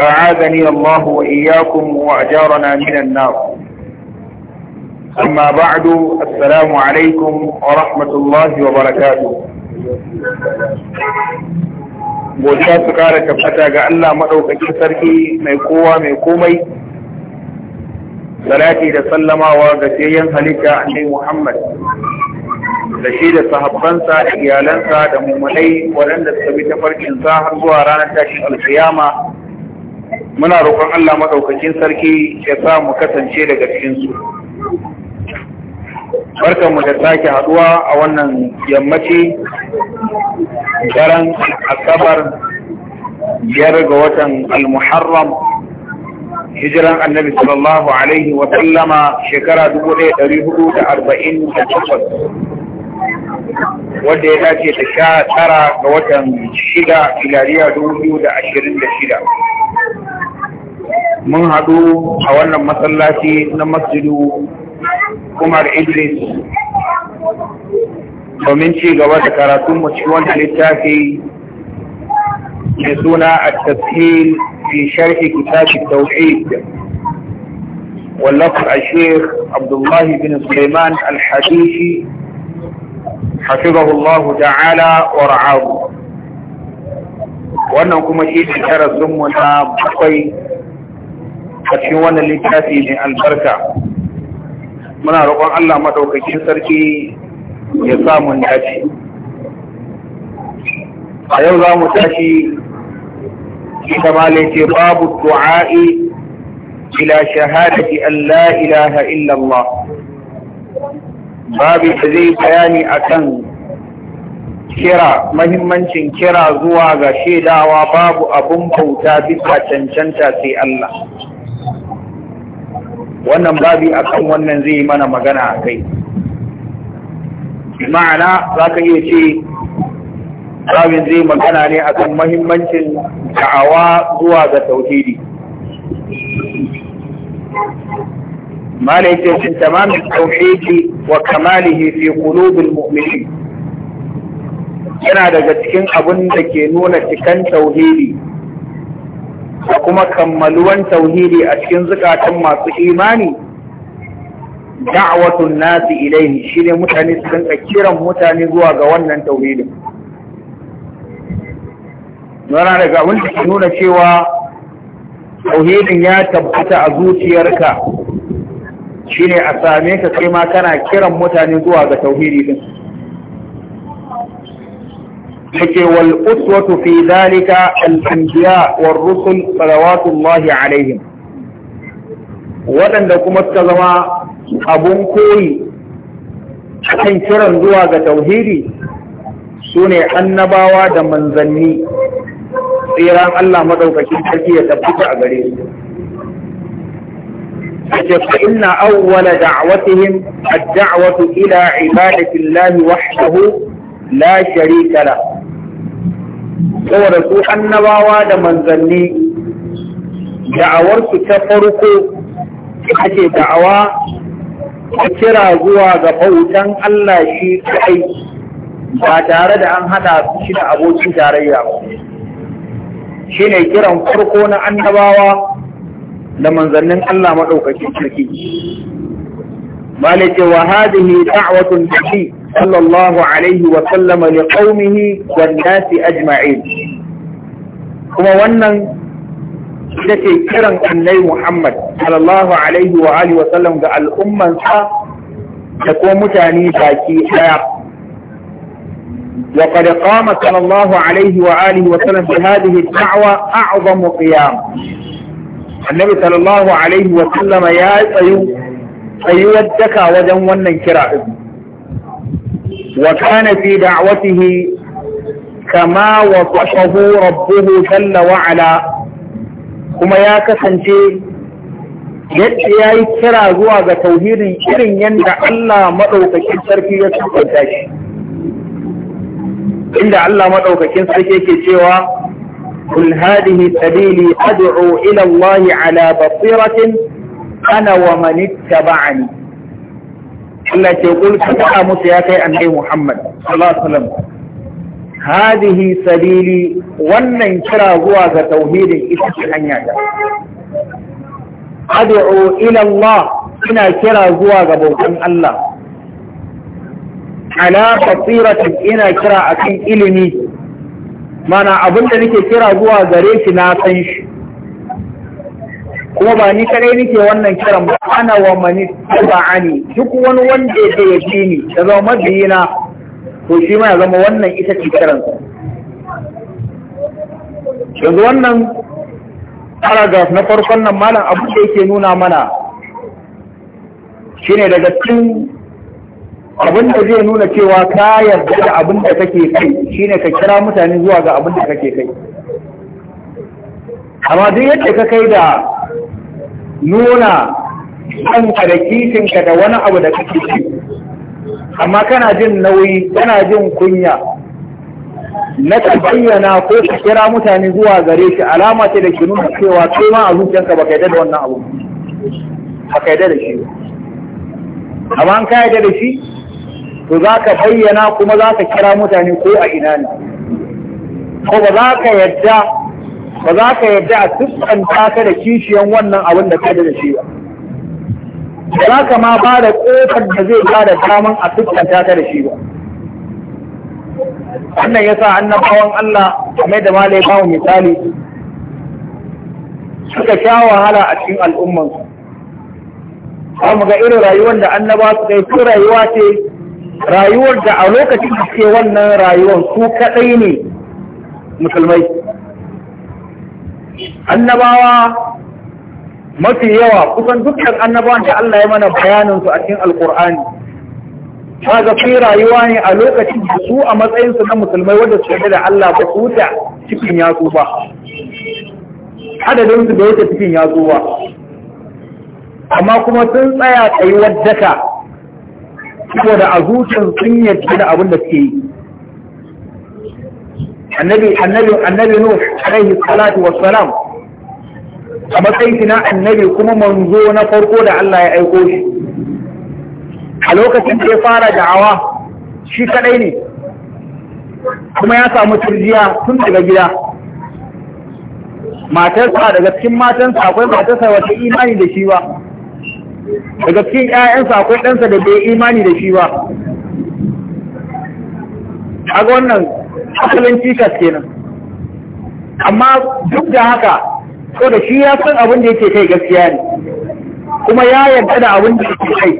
أعاذني الله وإياكم وأجارنا من النار أما بعد السلام عليكم ورحمة الله وبركاته godiya su kara tabbata ga Allah maɗaukakin sarki mai kowa mai komai salati da sallamawa ga sayan halitta annabi Muhammad da shi da sahabbansa da iyalansa da mummunai waɗanda suka bi tafarkin sa har zuwa ranar tashin alkiyama muna roƙon Allah maɗaukakin sarki ya sa mu kasance daga cikinsu. Barkanmu da sake haɗuwa a wannan yammaci daren asabar biyar ga watan al-muharram hijiran annabi sallallahu alaihi wa sallama shekara 1448 wadda ya dace da sha tara ga watan shida filariya 2026 mun haɗu a wannan masallaci na masjidu Umar Idris domin ci gaba da karatun mu cikin littafi mai suna a tafsir fi sharhi kitabin tauhid a ashir Abdullahi bin Suleiman al-Hadishi حفظه الله تعالى ورعاه wannan kuma shi ne karatunmu na bakwai a cikin wannan littafi ne albarka muna roƙon Allah maɗaukacin sarki ya samu dace a yau za mu tashi ita ma ce babu du'a'i ila shahadati an la ilaha illallah babu da zai bayani akan kira mahimmancin kira zuwa ga shaidawa babu abun bauta bisa cancanta sai Allah wannan babi akan wannan zai mana magana a kai ma'ana za ka iya ce babin zai magana ne akan mahimmancin da'awa zuwa ga tauhidi sun tamamin Tauhidi wa kamalihi fi kulubin mumini yana daga cikin abin da ke nuna cikan tauhidi kuma kammaluwan tauhidi a cikin zukatan masu imani daawatun nasi ilaihi shine mutane su kiran mutane zuwa ga wannan tauhidin yana daga abin da ke nuna cewa tauhidin ya tabbata a zuciyarka shine a same ka kai ma kana kiran mutane zuwa ga tauhidi din yake wal uswatu fi dhalika al anbiya war rusul salawatullahi alaihim waɗanda kuma suka zama abun koyi kan kiran zuwa ga tauhidi sune annabawa da manzanni tsiran Allah madaukakin sarki ya tabbata a gare su auwala أول a الدعوة ila عبادة الله وحده لا شريك له saboda su annabawa da manzanni da'awarsu ta farko ake da'awa ta kira zuwa ga bautan Allah shi kai ba tare da an haɗa shi da abokin tarayya ba shi ne kiran farko na annabawa da manzannin Allah maɗaukakin kirki Malike wa hadihi da'watun nabi صلى الله عليه وسلم لقومه والناس أجمعين كما ونن لكي كرن أني محمد صلى الله عليه وآله وسلم قال الأمة تكون متاني باكي حياة وقد قام صلى الله عليه وآله وسلم بهذه الدعوة أعظم قيام النبي صلى الله عليه وسلم يا أيوة أيوة دكا وجن ونن كرا إذن وكان في دعوته كما وصفه RabbuHu جل وعلا kuma ya kasance yadda ya yi kira zuwa ga tauhirin irin yadda Allah maɗaukakin sarki ya sukanta inda Allah maɗaukakin sarki yake cewa kul hadihi sabili ad'u ila Allah ala basiratin ana wa manittaba'ani Allah ce kul faɗa musu ya kai annabi Muhammad sallallahu hadihi sabili wannan kira zuwa ga tauhidin ita ce hanya ta ad'u ila Allah ina kira zuwa ga bautan Allah ala basiratin ina kira akan ilimi mana abinda nake kira zuwa gare shi na san shi kuma ba ni kadai nake wannan kiran ba ana wa mani ani. duk wani wanda ya yace ni da zama madina to shi ma ya zama wannan ita ce kiran yanzu wannan paragraph na farkon nan malam abu da yake nuna mana shine daga cikin abin da zai nuna cewa ka yarda da abin da kake kai shine ka kira mutane zuwa ga abin da kake kai amma duk yadda ka kai da nuna ɗanka da kishinka da wani abu da kake ci amma kana jin nauyi kana jin kunya na ka bayyana ko ka kira mutane zuwa gare shi alama ce da ke nuna cewa kai ma a zuciyarka baka yi da wannan abu baka yi da shi amma an ka yarda da shi to za ka bayyana kuma za ka kira mutane ko a ina ne ko ba za ka yadda. ba za ka yarda a siffanta ka da kishiyan wannan abin da ka da shi ba ba za ka ma ba da ƙofar da zai ba da daman a siffanta ka da shi ba wannan ya sa annabawan Allah mai da malai ba misali suka sha wahala a cikin al'ummansu Ba mu ga irin rayuwar da annaba su kai su rayuwa ce rayuwar da a lokacin da suke wannan rayuwar su kaɗai ne musulmai annabawa mafi yawa kusan dukkan annabawan da Allah ya mana bayanin a cikin alkur'ani kaga fi rayuwa ne a lokacin da su a matsayinsu na musulmai wanda su da Allah ba su wuce cikin yatsu ba adadin su da wuce cikin yatsu ba amma kuma sun tsaya tsayuwar daka saboda a zuciyar sun yadda da abin da suke yi annabi annabi annabi nuh alaihi salatu wassalam a matsayin na annabi kuma manzo na farko da Allah ya aiko shi a lokacin da ya fara da'awa shi kadai ne kuma ya samu turjiya tun daga gida matarsa daga cikin matansa akwai matarsa wata imani da shi ba daga cikin ƴaƴansa akwai ɗansa da bai imani da shi ba a wannan asalin cikas kenan amma duk da haka ko da shi ya san abin da yake kai gaskiya ne kuma ya yarda da abin da yake kai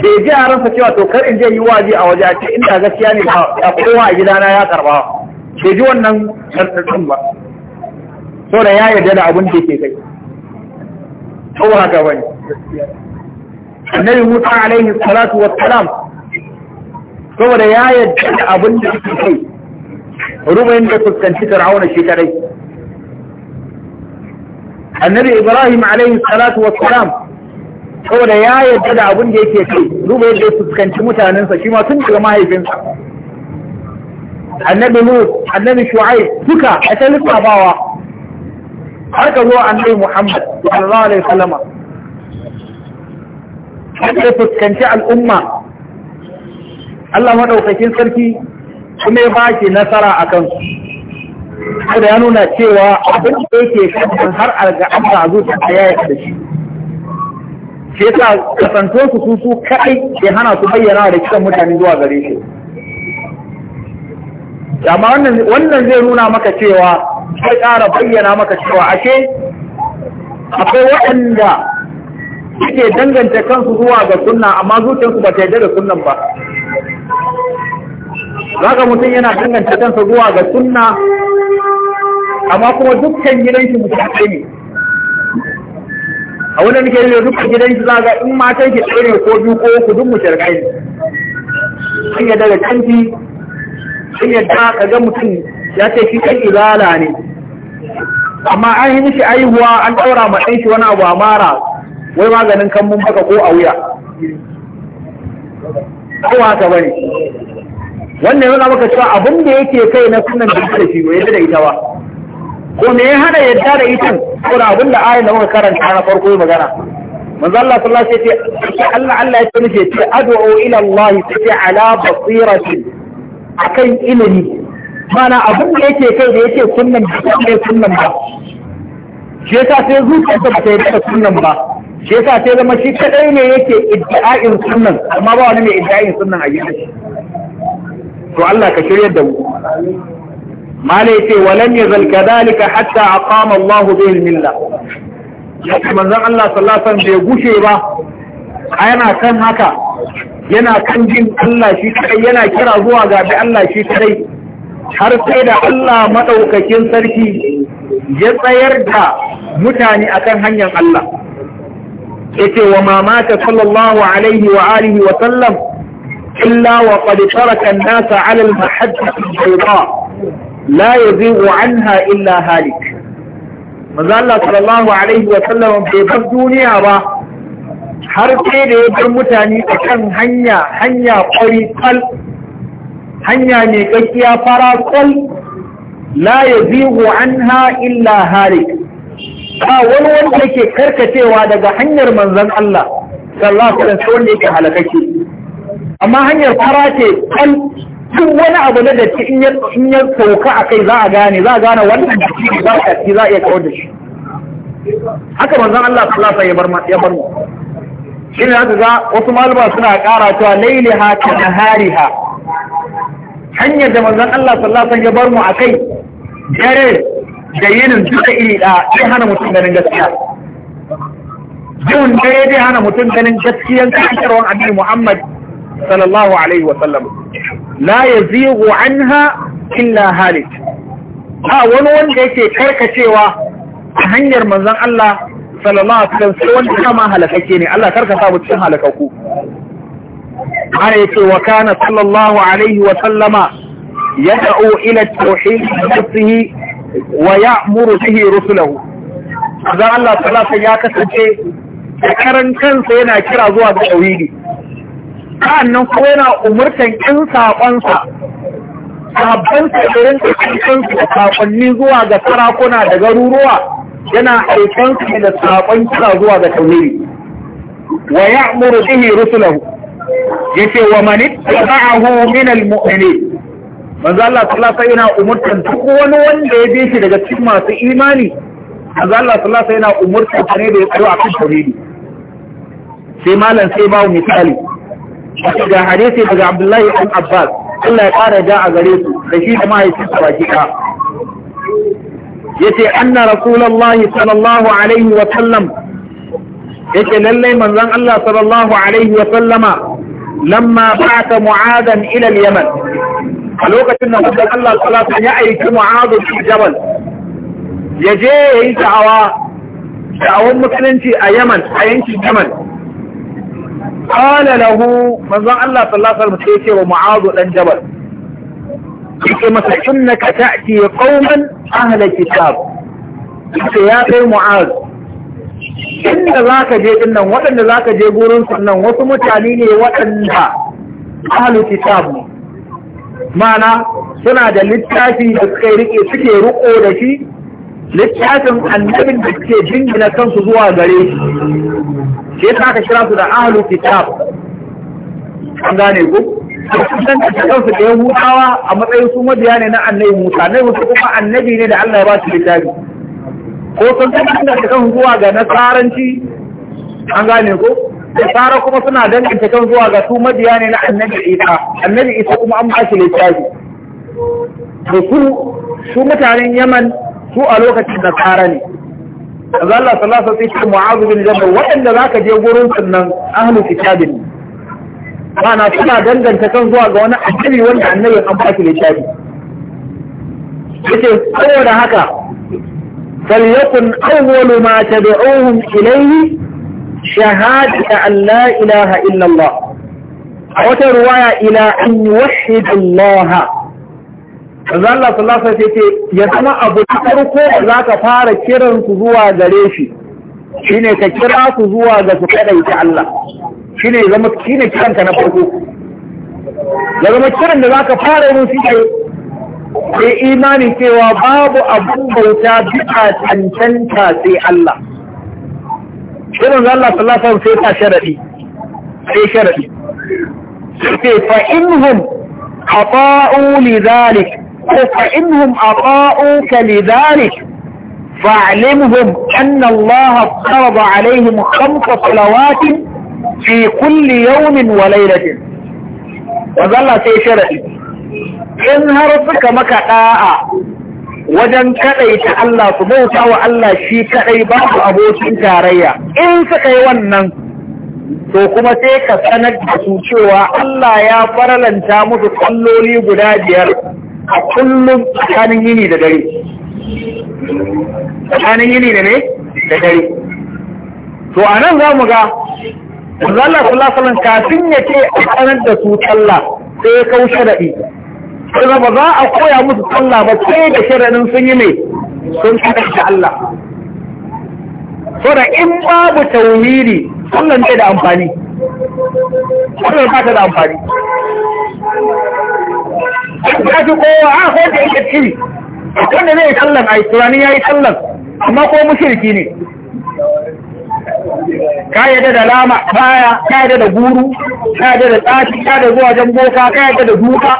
bai ji a ransa cewa to kar in je yi waje a waje a ce inda gaskiya ne ba kowa a gidana ya karba ke ji wannan karɗaɗɗin ba so da ya yarda da abin da yake kai to ba haka bane annabi Musa alaihi salatu wassalam saboda ya yarda da abin da yake kai rumayin da fuskanci fir'auna shi kadai annabi ibrahim alaihi salatu wassalam saboda ya yadda da abin da yake kai duba yadda ya fuskanci mutanensa shi ma tun daga mahaifinsa annabi nu annabi shu'aib duka a ta lissafawa har ka zo annabi muhammad sallallahu alaihi wasallam har ka fuskanci al'umma Allah madaukakin sarki kuma ya baki nasara a kansu da ya nuna cewa abin da yake kan har alga an a zuwa ta yaya da shi ke ta kasantuwar su su kaɗai ke hana su bayyana da kisan mutane zuwa gare shi amma wannan zai nuna maka cewa sai ƙara bayyana maka cewa ashe akwai waɗanda suke danganta kansu zuwa ga sunna amma zuciyarsu ba ta yarda da sunnan ba zaka mutum yana danganta kansa zuwa ga sunna amma kuma dukkan gidan shi ne a wani nake yi dukkan gidan shi za ga in matan ki ɗaya ko biyu ko ku duk mutarkai ne sun yadda da kanti sun yadda ka ga mutum ya ce shi kan ibala ne amma an yi mishi aihuwa an ɗaura ma ɗan shi wani abu a mara wai maganin kan mun baka ko a wuya kowa ta bane wannan yana maka cewa abin da yake kai na sunan da yake shi bai da ita ba ko me ya hada yadda da ita ko da abin da ayin da muka karanta na farko ya magana manzo Allah sallallahu alaihi wasallam ya ce Allah Allah ya ce ne ce ad'u ila Allah fi ala basiratin akan ilimi mana abin da yake kai da yake sunan da yake sunan ba shi yasa sai zuciyarsa ba ta yi da sunan ba shi yasa sai zama shi kadai ne yake idda'in sunan amma ba wani mai idda'in sunan a gidan shi to Allah ka shiryar da mu malai ce walam yazal kadhalika hatta aqama Allahu bihi milla yake manzon Allah sallallahu alaihi wasallam bai gushe ba yana kan haka yana kan jin Allah shi kadai yana kira zuwa ga bi Allah shi kadai har sai da Allah madaukakin sarki ya tsayar da mutane akan hanyar Allah yace wa mamata sallallahu alaihi wa alihi wa sallam إلا وقد ترك الناس على المحجة البيضاء لا يزيغ عنها إلا هالك maza Allah sallallahu alaihi wa sallam bai bar duniya ba har sai da ya bar mutane a kan hanya hanya kwari hanya mai gaskiya fara kwal la yazigu anha illa halik ba wani wanda yake karkacewa daga hanyar manzon Allah sallallahu alaihi wa sallam amma hanyar fara ce kan duk wani abu na da in ya in ya sauka a kai za a gane za a gane wannan da shi za a ci za a iya kawar da shi haka manzon Allah sallallahu alaihi wasallam ya bar mu shi ne haka ga wasu malama suna ƙara cewa lailiha ta nahariha hanyar da manzon Allah sallallahu alaihi wasallam ya bar mu akai dare da yinin duka iri da ya hana mutum ganin gaskiya Jihun dare zai hana mutum ganin gaskiyan karantarwar Annabi Muhammad sallallahu alaihi wasallam la yazighu anha illa halik ba wani wanda yake karkacewa a hanyar manzon Allah sallallahu alaihi wasallam sai wanda kama halakake ne Allah karka sa mu cikin halakaku har yake wa kana sallallahu alaihi wasallama yad'u ila tauhid nafsihi wa ya'muru bihi rusulahu manzon Allah sallallahu alaihi ya kasance da kansa yana kira zuwa da tauhidi nan kuma yana umurtan ƴan saƙonsa sabon tsibirin cikin da saƙonni zuwa ga sarakuna da garuruwa yana aikon su da saƙon kira zuwa ga tauriri wa ya muru bihi rusulahu ce wa mani ittaba'ahu min al-mu'minin manzo Allah sallallahu alaihi yana umurtan duk wani wanda ya bi shi daga cikin masu imani manzo Allah sallallahu alaihi yana umurtan ne da ya tsaro akan tauriri sai malam sai bawo misali daga hadisi daga Abdullahi ibn Abbas Allah ya kara da a gare su da shi da mahaifinsa baki ɗaya yace anna rasulullahi sallallahu alaihi wa sallam yace lalle manzon Allah sallallahu alaihi wa sallama lamma ba'atha mu'adan ila al-yaman a lokacin da manzon Allah sallallahu alaihi ya aiki mu'adu fi jabal yaje yayin da'awa da'awan musulunci a Yaman a yankin Yaman qala lahu manzon Allah sallallahu alaihi wasallam sai ce wa mu'adh dan jabal yake masa innaka ta'ti qauman ahla kitab yake ya kai mu'adh inda zaka je din nan waɗanda zaka je gurin su nan wasu mutane ne waɗanda ahlu kitab Ma'ana suna da littafi da suka rike suke riko da shi littafin annabin da ke jingina kansu zuwa gare shi shi ya ka kira su da ahalu kitab an gane ku kusan da kansu da yahudawa a matsayin su mabiya ne na annabi musa annabi musa kuma annabi ne da Allah ya ba su littafi ko sun danganta da kansu zuwa ga nasaranci an gane ku nasara kuma suna danganta kan zuwa ga su mabiya ne na annabi isa annabi isa kuma an ba shi littafi da su su mutanen yaman su a lokacin na tsara ne azza Allah sallallahu alaihi wasallam mu'azu waɗanda za ka je gurin sunan ahlul kitabin kana suna danganta kan zuwa ga wani asiri wanda annabi an ba shi littafi yace saboda haka falyakun awwalu ma tad'uhum ilayhi shahadatu an la ilaha illa a wata ruwaya ila an yuwahhidu Allah manzo Allah sallallahu alaihi wasallam ya zama abu na farko za ka fara kiran su zuwa gare shi shine ka kira su zuwa ga su kada ta Allah shine zama shine kiran ka na farko ya zama kiran da zaka fara yin shi ke ke imani cewa babu abu bauta bisa cancanta sai Allah sai manzo Allah sallallahu alaihi wasallam sai ta sharadi sai sharadi sai fa innahum qata'u li dhalik فإنهم أطاؤوك لذلك فاعلمهم أن الله فرض عليهم خمس صلوات في كل يوم وليلة وظل سي إن هرفك مكتاء wajen kaɗaita Allah su bauta Allah shi kaɗai ba abokin tarayya in suka yi wannan to kuma sai ka sanar da su cewa Allah ya faralanta musu kalloli guda biyar a kullum tsakanin yini da dare tsakanin yini da ne da dare to a nan za mu ga Allah sallallahu alaihi kafin ya ce a sanar da su sallah sai ya kau sharadi kuma ba za a koya musu sallah ba sai da sharadin sun yi mai sun kada da Allah saboda in babu tauhidi sallan bai da amfani sallan ba ta da amfani ya fi kowa a ko da yake ciri wanda zai sallan a turani ya yi sallan amma ko mushirki ne ka yadda da lama baya ka yadda da guru ka yadda da tsafi ka yadda zuwa jan boka ka yadda da duka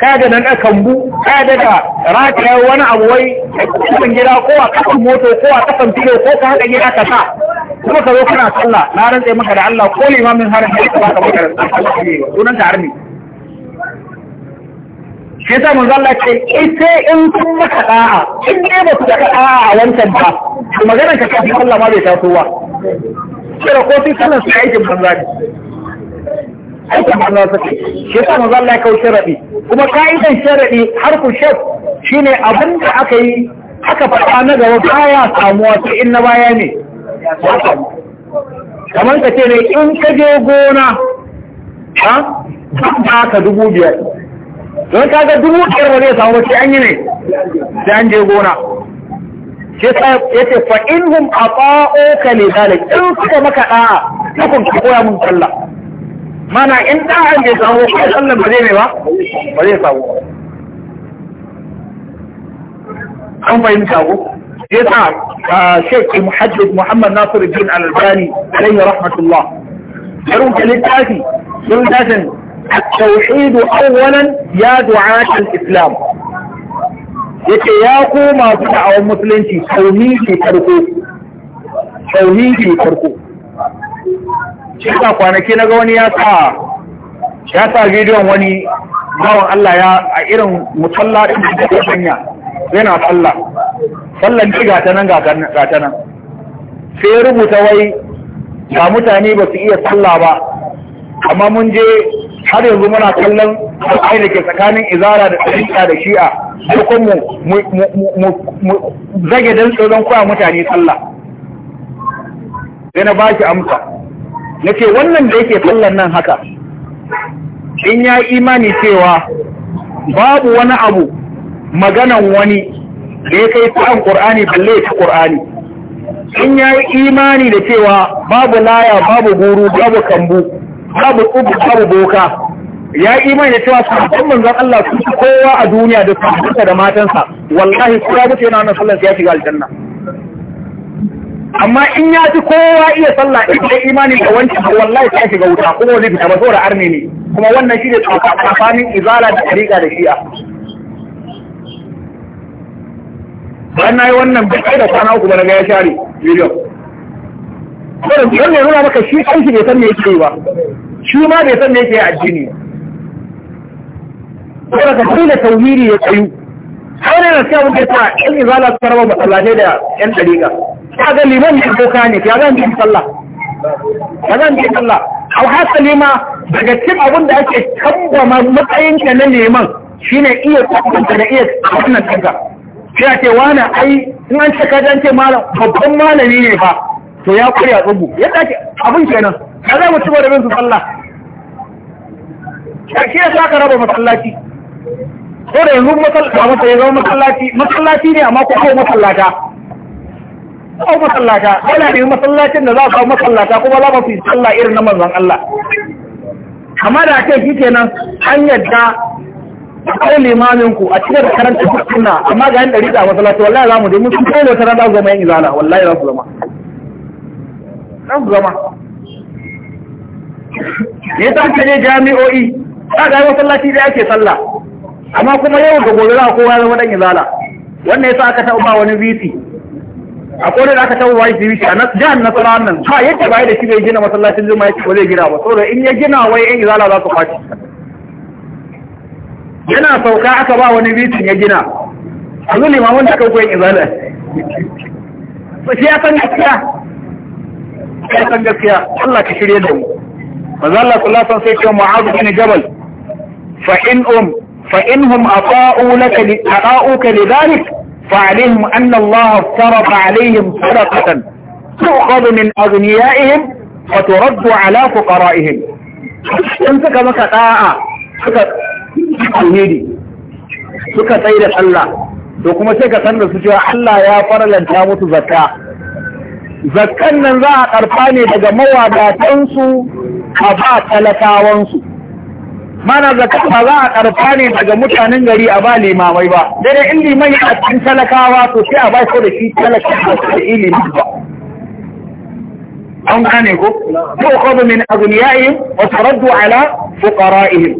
ka yadda da na kambu ka yadda da rataya wani abu wai cikin gida ko a kasan moto ko a kasan filo ko ka haka gida ka sa kuma ka zo kana sallah na rantse maka da Allah ko limamin harin da ya ka baka maka da sallah sunan ta harni shi ta mun zalla ce eh, ita in kun maka da'a in ne ba ku da da'a a wancan ba to maganar ka kafin Allah ma bai taso ba kira ko kofi sanan su aikin banza ne aikin banza su ce shi ta mun zalla wuce sharadi kuma ka'idan sharadi har ku shaf shine abin da aka yi aka faɗa na gaba baya samuwa sai in na baya ne kamar ka ce ne in ka je gona ha ba ka dubu biyar don kaga dubu ɗayar wani ya samu sai an yi ne sai an je gona shi sa ya ce fa in ba'o ata'uka li zalik in suka maka da'a takun ka koya mun sallah mana in da'an bai samu ko sallah ba zai ne ba ba zai samu an fahimta ko yasa Sheikh Muhammad Muhammad Nasiruddin Al-Albani alayhi rahmatullah yarun kalittafi sun tashin التوحيد أولا يا دعاة الإسلام yake ya koma su awon musulunci tauhidi farko tauhidi farko cika kwanaki na ga wani ya sa ya sa bidiyon wani gawan Allah ya a irin musalla din da ya sanya yana sallah sallan ga ta nan ta nan sai rubuta wai ga mutane ba su iya sallah ba amma mun je har yanzu muna kallon al'ayi da ke tsakanin izara da tsarika da shi'a dukkan mu zage don tsoron koya mutane sallah zai na ba shi amsa na ce wannan da yake kallon nan haka in ya imani cewa babu wani abu maganan wani da ya kai ta'an ƙur'ani balle ta ƙur'ani in ya yi imani da cewa babu laya babu guru babu kambu babu ubu babu boka ya imani da cewa sabon manzan Allah su ci kowa a duniya da sabonsa da matansa wallahi ko ya mutu yana wannan sallar ya shiga aljanna amma in ya ci kowa iya sallah in da imani da wancan wallahi ta shiga wuta kuma wani fita ba saboda arne ne kuma wannan shi ne tsakanin izala da tariqa da shi'a bayan na yi wannan bai da kwana uku ba na gaya ya share miliyan Wannan ne nuna maka shi kanshi bai san me yake yi ba. Shi ma bai san me yake yi a jini, Saboda ka tsaye da tauhiri ya tsayu. Har ne na cewa muke ta za izala su raba masallatai da yan dariƙa. Ka ga liman ne boka ne, ya zan bi sallah. Ya zan bi sallah. Au hasali ma daga cikin abin da ake kambama matsayinka na neman shine iya kwatanta da iya wannan kanka. Sai a ce wani ai in an ce kajan ce malam babban malami ne fa to ya kure a tsogbo yadda ake abin kenan ka za mu ci da bin su sallah ƙarshe ya sa ka raba masallaci ko da yanzu masallaci mata ya zama masallaci masallaci ne amma ko kawo masallata kawo masallata yana da masallacin da za a kawo masallata kuma za su yi sallah irin na manzan Allah amma da ake shi kenan an yadda a kawo limamin ku a cikin da karanta sunna amma ga yin ɗari da masallaci wallahi za mu je mun sun kawo wata rana zama yin izala wallahi za su zama za zama ne ta aka je jami'o'i ta ga masallaci da ake sallah amma kuma yau da gobe za kowa zama dan izala wannan yasa aka taɓa wani vc a kodin da aka taɓa wani vc a jihar nasara nan ba yadda ba da shi bai gina masallacin zuma ya ce ba zai gina ba saboda in ya gina wai yan izala za su kwaci yana sauka aka ba wani vc ya gina a zuli mamun da kan koyan izala su shi ya san gaskiya kai san gaskiya Allah ka shirye da mu manzo Allah sai ce mu'adh bin jabal fa in um fa inhum ata'u laka li ata'uka lidhalik fa alaihim anna Allah farada alaihim sadaqatan tu'khadhu min aghniyaihim wa turaddu ala fuqara'ihim in suka maka da'a suka alheri suka tsaye da Allah to kuma sai ka san da su cewa Allah ya faralanta musu zakka zakkan nan za a karfa ne daga mawadatansu a ba talakawansu mana zakkan ba za a karfa ne daga mutanen gari a ba limamai ba dai in limai a cikin talakawa to sai a ba shi da shi talakawa da ilimin ba an gane ko tu'khadhu min aghniyaihim wasu raddu ala fuqara'ihim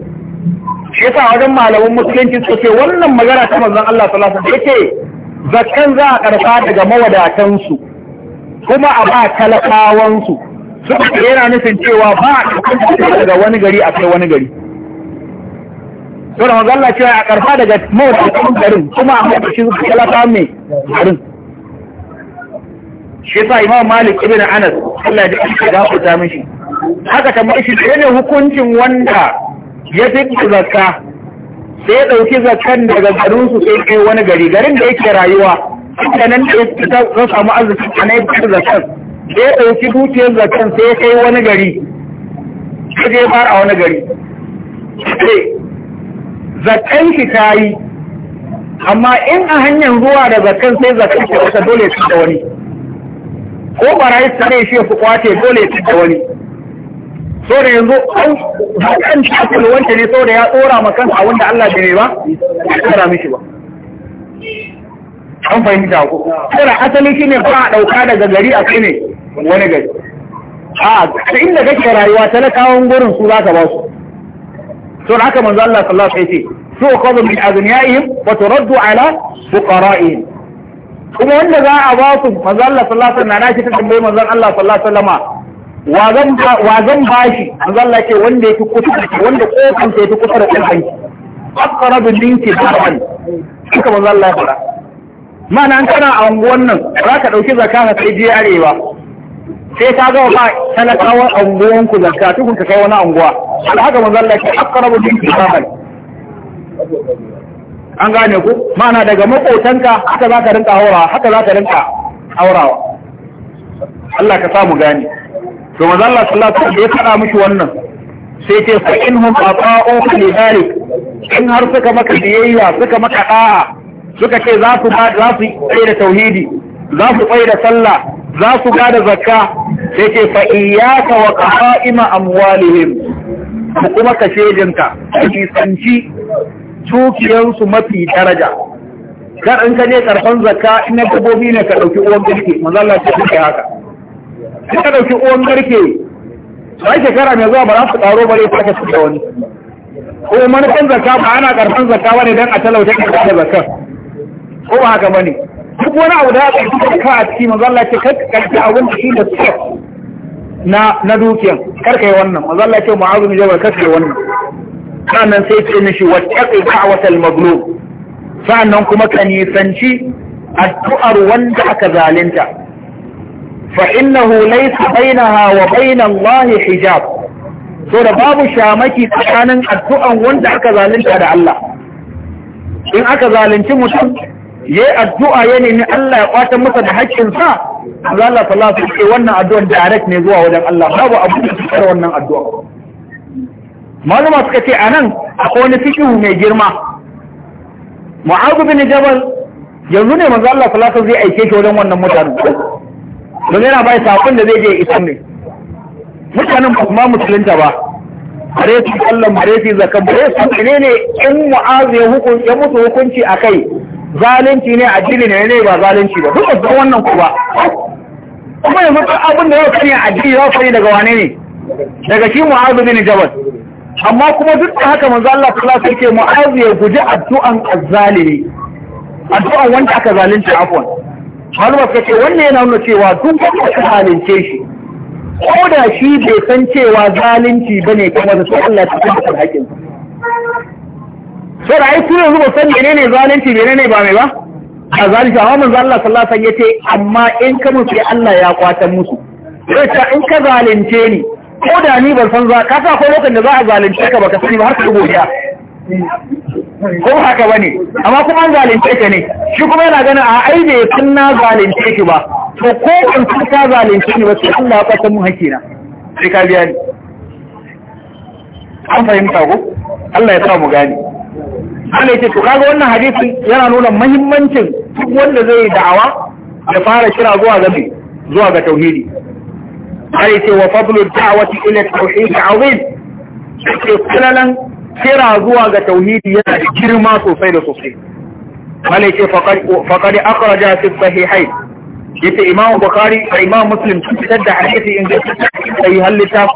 shi yasa wajen malaman musulunci su ce wannan magana ta manzon Allah sallallahu alaihi wasallam yace zakkan za a karfa daga mawadatansu kuma a ba talakawansu saboda yana nufin cewa ba a ɗaukar daga wani gari a kai wani gari saboda magana cewa a ƙarfa daga cikin garin kuma a haɗa shi zuwa talaka mai garin shi sa imam malik ibn anas Allah ga ku ta mishi haka kamar shi ne hukuncin wanda ya fi zakka sai ya ɗauki zakkan daga garinsu sai kai wani gari garin da yake rayuwa haka nan da ya zan samu arziki a na yabar zakan da ya ɗauki dukiyar zakan sai ya kai wani gari ya je fara wani gari zaton shi ta yi amma in a hanyar zuwa da zakan sai zakan shi wata dole ya da wani ko barayi tare shi ya fi kwace dole ya da wani so da yanzu an zakan shi a kulwanta ne so da ya tsora makansa wanda Allah bai ba ya tsara mishi ba an fahimta ku kira asali ne ba a ɗauka daga gari a kai ne wani gari a ta inda kake rayuwa talakawan gurin su zaka ba su to da haka manzo Allah sallallahu alaihi wasallam sai ce min agniyaihim wa turaddu ala fuqara'ihim kuma wanda za a ba su manzo Allah sallallahu alaihi wasallam na shi ta tambaye manzo Allah sallallahu alaihi wasallam wa zan bashi Allah ce wanda ya fi kusa wanda kofin ya fi kusa da kalbanki akwara bin ninki da ban suka Allah ya fara mana an kana a unguwan nan za ka ɗauki zaka ka sai je arewa sai ka ga ba talakawan unguwan ku zaka tukun ka kai wani unguwa alhaka manzo Allah ya aqrabu bil kitabal an gane ku mana daga makotanka haka za ka rinka haurawa haka za ka rinka haurawa Allah ka samu gane to manzo Allah sallallahu alaihi wasallam ya faɗa miki wannan sai ce fa inhum ata'u li dhalik in har suka maka biyayya suka maka da'a suka ce za su tsaye da tauhidi za su tsaye da sallah za su ba da zakka sai ce fa ka wa amuwalihim. amwalihim kuma ka shejinka ki sanci cukiyarsu mafi daraja kar in ka je karfan zakka ina na ne ka ɗauki uwan garke mazalla ce suke haka Suka ka dauki uwan garke sai shekara mai zuwa ba za su karo bare ta su da wani ko manufan zakka ba ana karfan zakka bane don a talauta ka da zakka ko ba haka bane duk wani abu da aka yi ka a ciki manzo Allah ce kar ka ci abin da shi da su na na dukiyan kar kai wannan manzo Allah ce mu'azu bin jabal kar kai wannan sannan sai ce mishi wattaqi da'watal maghlub sannan kuma ka nisanci addu'ar wanda aka zalunta fa innahu laysa bainaha wa bain Allah hijab so da babu shamaki tsakanin addu'an wanda aka zalunta da Allah in aka zalunci mutum ya yi addu'a ya nemi Allah ya kwata masa da haƙƙinsa Allah Allah sallallahu ke wannan addu'ar direct ne zuwa wajen Allah babu abu da fara wannan addu'a malama suka ce nan akwai wani fiqhu mai girma Mu'adh bin Jabal yanzu ne manzo Allah sallallahu alaihi zai aike shi wajen wannan mutanen don yana bai sakon da zai je isan ne mutanen ba kuma musulunta ba bare su kallon bare su zakan bare su ne ne in mu'azu ya mutu hukunci a kai zalunci ne addini ne ne ba zalunci ba duk da wannan ku kuma yanzu abin da yau a addini za ku daga wane ne daga shi mu'azu bin jabal amma kuma duk da haka manzo Allah ta lafi ke mu'azu ya guji addu'an azzalimi addu'an wanda aka zalunci afwan malama ka ce wannan yana nuna cewa duk wanda aka zalunce shi ko da shi bai san cewa zalunci bane kuma da Allah ta tabbata hakkin so da ai kuma zuba san menene zalunci menene ba mai ba a zalunci amma manzo Allah sallallahu alaihi wasallam yace amma in ka musu Allah ya kwatan musu ta in ka zalunce ni ko da ni ban san za ka sa ko lokacin da za a zalunce ka baka sani ba har ka godiya ko haka bane amma kuma an zalunce ka ne shi kuma yana ganin a ai ne san na zalunce ki ba to ko in san ka zalunce ni ba sai Allah ya kwatan mu hakina sai ka biya ni an fahimta ko Allah ya sa mu gani Allah yake to kaga wannan hadisin yana nuna muhimmancin duk wanda zai da'awa ya fara kira zuwa ga zuwa ga tauhidi Allah ce wa fadlu da'wati ila tauhid azim yake kullalan kira zuwa ga tauhidi yana da girma sosai da sosai Allah yake faqad faqad akhraja fi sahihayn yace Imam Bukhari da Imam Muslim sun fitar da hadisi in ga sai halitta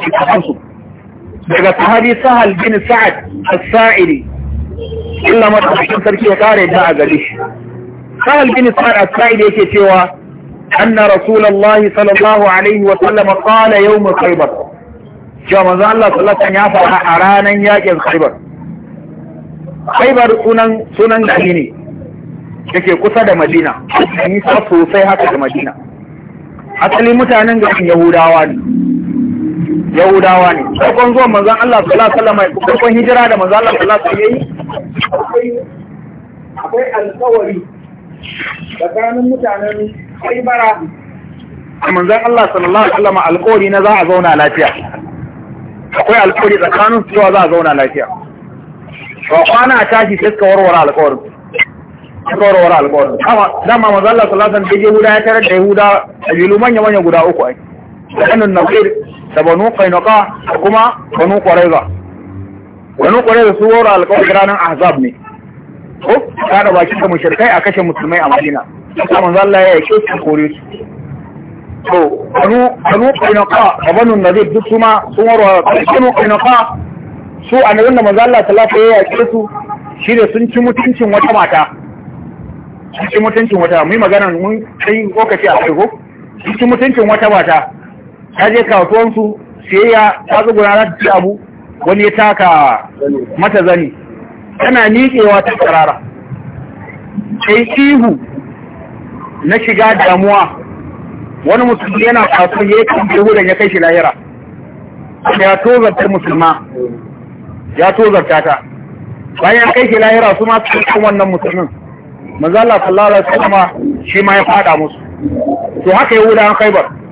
su daga sahabi Sahal bin Sa'ad as-Sa'idi Allah madaukakin sarki ya kare ta gari. sahal bin sa'ad as-sa'id yake cewa anna rasulullahi sallallahu alaihi wa sallam qala yawm khaybar Ya manzo Allah sallallahu alaihi ya fara a ranan yakin khaybar khaybar sunan sunan gari ne yake kusa da Madina ni sa sosai haka da Madina asali mutanen garin Yahudawa ne yahudawa ne farkon zuwan manzon Allah sallallahu alaihi wasallam farkon hijira da manzon Allah sallallahu alaihi wasallam yayi akwai alƙawari tsakanin mutanen bara. manzon Allah sallallahu alaihi wasallam alƙawari na za a zauna lafiya akwai alƙawari tsakanin su cewa za a zauna lafiya ba kwana tashi sai suka warware alƙawarin kawar wara alƙawarin dama mazalla salasan da yahuda ya tarar da yahuda a bilu manya-manya guda uku ai da kanin nasir da banu qainuqa da kuma banu quraiza banu quraiza su wara alƙawarin ranar ahzab ne ko da bakin da mushirkai a kashe musulmai a Madina sai manzo Allah ya yake su kore su to banu banu qainuqa da banu nadir duk kuma sun wara banu qainuqa su annabin da manzo Allah sallallahu alaihi wasallam ya yake su shi sun ci mutuncin wata mata sun ci mutuncin wata mai magana mun kai lokaci a kai ko sun ci mutuncin wata mata ta je kasuwansu sai ya tsugura za ta ci abu wani ya taka mata zani tana nikewa ta tsarara sai ihu na shiga damuwa wani mutum yana kasuwa ya yi kan birhudan ya kai shi lahira ya tozarta musulma ya tozarta ta bayan kai shi lahira su ma su wannan musulmin mazala sallallahu alaihi wasallam shi ma ya fada musu to haka yahuda an kaibar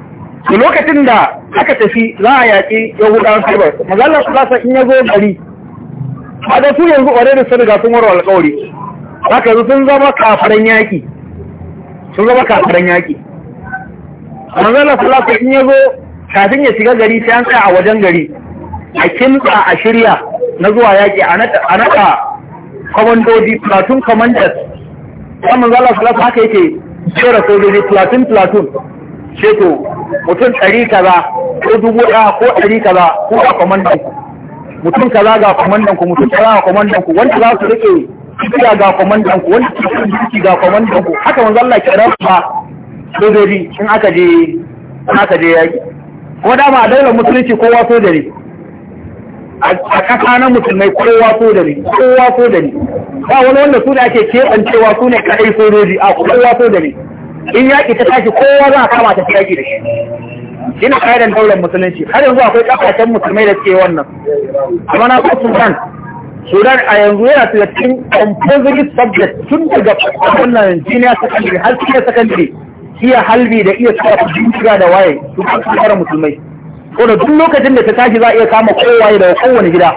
da lokacin da aka tafi za a yaƙi yahudawan harbar mazalar su lasa in ya zo gari a da su yanzu ware da sadaga sun warwa alƙawari ka yanzu sun zama kafaran yaƙi sun zama kafaran yaƙi mazalar su lasa in ya zo kafin ya shiga gari sai an tsaya a wajen gari a kimtsa a shirya na zuwa yaƙi a naɗa kwamandoji platoon commanders sai mazalar su lasa haka yake shera sojoji platoon platoon ce mutum ɗari kaza ko dubu ɗaya ko ɗari kaza ko a kwamandan ku mutum kaza ga kwamandan ku mutum kaza ga kwamandan ku wanda za su rike tafiya ga kwamandan ku wanda ke cikin ga kwamandan ku haka wanzu Allah ke ba sojoji in aka je in aka je yaƙi ko dama a daular musulunci kowa sojari a kasa na musulmai kowa sojari kowa sojari ba wani wanda su da ake keɓancewa su ne kaɗai sojoji a kowa sojari in yaƙi ta tashi kowa za a kama ta fi yaƙi da shi ina ƙa'idar daular musulunci har yanzu akwai ƙasashen musulmai da suke wannan amma na kuma sudan sudan a yanzu yana cikin composite subject tun daga wannan junior secondary har senior secondary iya halbi da iya tsara bincika da waye su kan tsara musulmai ko da duk lokacin da ta tashi za a iya kama kowaye daga kowane gida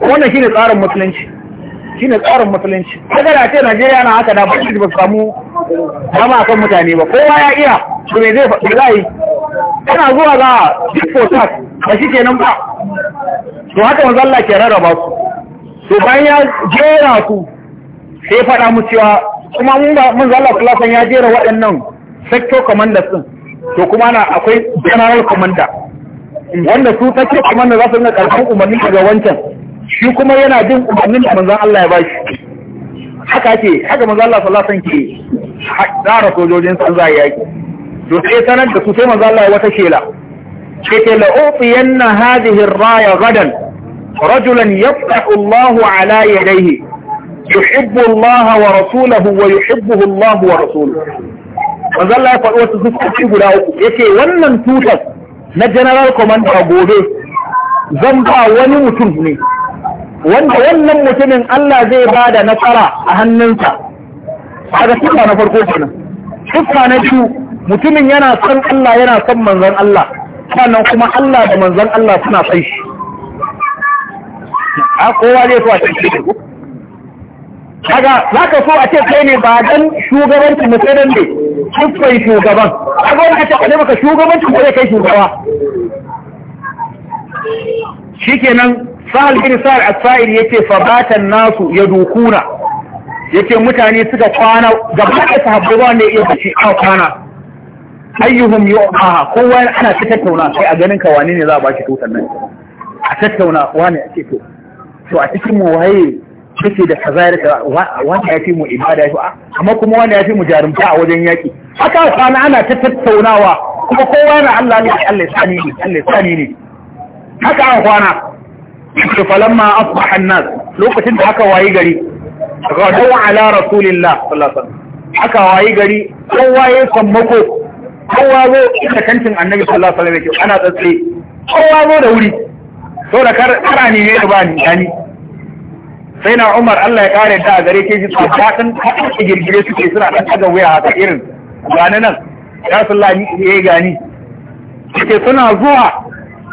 wannan shine tsarin musulunci shine tsarin musulunci kaga da ce Najeriya na haka da ba su samu dama akan mutane ba kowa ya iya to me zai faɗi zai kana zuwa ga duk fotas da shi nan ba to haka wanzan Allah ke rarraba su to bayan ya jera su sai faɗa mu cewa kuma mun ba manzo Allah sallallahu ya jera waɗannan sector commander din to kuma na akwai general commander wanda su sector commander za su rinka karfin umarni daga wancan shi kuma yana jin umarnin da manzan Allah ya ba shi haka ke haka manzan Allah sallallahu alaihi ke tsara sojojin san za a yaki to sai sanar da su sai manzan Allah ya wata shela sai ke la ufiyanna hadhihi ar-raya gadan rajulan yaftahu Allah ala yadayhi yuhibbu Allah wa rasulahu, wa yuhibbuhu Allah wa rasulahu. manzan Allah ya faɗi wasu zuciyoyi guda uku Ya ce wannan tutar na general commander gobe zan ba wani mutum ne wanda wannan mutumin Allah zai ba da nasara a hannunsa a ga sifa na farko nan sifa na biyu mutumin yana son Allah yana son manzan Allah sannan kuma Allah da manzan Allah suna sai shi a kowa zai so a cikin shi kaga za ka so a ce kai ne ba dan shugabanci musulun ne siffar shugaban kaga wani a ce a ne maka shugabanci ko zai kai shugaba shikenan sahal bin sa'ad as sail yace fa batan nasu yadukuna yace mutane suka kwana gaba da sahabbai ba wanda ya bace a kwana ayyuhum yu'aha kowa ana ta tattauna sai a ganin ka wani ne za a bashi tutar nan a tattauna wani ake to to a cikin mu waye kake da kazayar da wanda ya fi mu ibada fi amma kuma wani ya fi mu jarumta a wajen yaki haka kwana ana ta tattaunawa kuma kowa na Allah ne Allah ya sani ne Allah ya sani ne haka an kwana to falamma asbaha an-nas lokacin da aka wayi gari gadaw ala rasulillah sallallahu alaihi wasallam aka wayi gari kowa ya sammako kowa zo ita kantin annabi sallallahu da wasallam ana tsatsi kowa zo da wuri to da kar kara ne ne ba ni dani sai na Umar Allah ya kare ta a gare ke ji tsakatin haɗin girgire suke suna ɗan ɗaga wuya haka irin gani nan ya sulla ni ya gani suke suna zuwa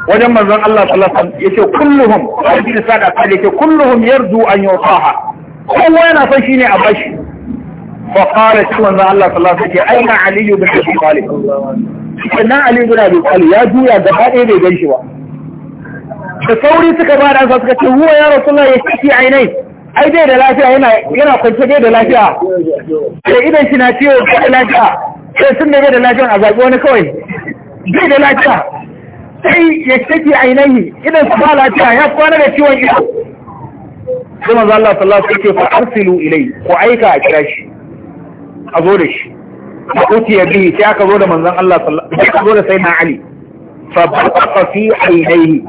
wajen manzon Allah sallallahu alaihi wasallam yace kulluhum ibn sa'd akali yace kulluhum yarju an yutaha kowa yana son shine a bashi fa qala shi manzon Allah sallallahu alaihi wasallam aina ali ibn abi talib sannan ali ibn abi talib ya juya gaba ɗaya bai gan shi ba da sauri suka ba da ansa suka ce huwa ya rasulullahi ya shi ainai ai dai da lafiya yana yana kwance dai da lafiya da idan shi na ciwo da lafiya sai sun da da lafiya a zaɓi wani kawai dai da lafiya sai ya shafi ainihi idan su ba lafiya ya kwana da ciwon ido sai manzo Allah sallallahu alaihi wasallam fa arsilu ilai ko aika a kira shi a zo da shi a utiya bihi sai aka zo da manzon Allah sallallahu alaihi wasallam zo da sayyidina Ali fa baqa fi ainihi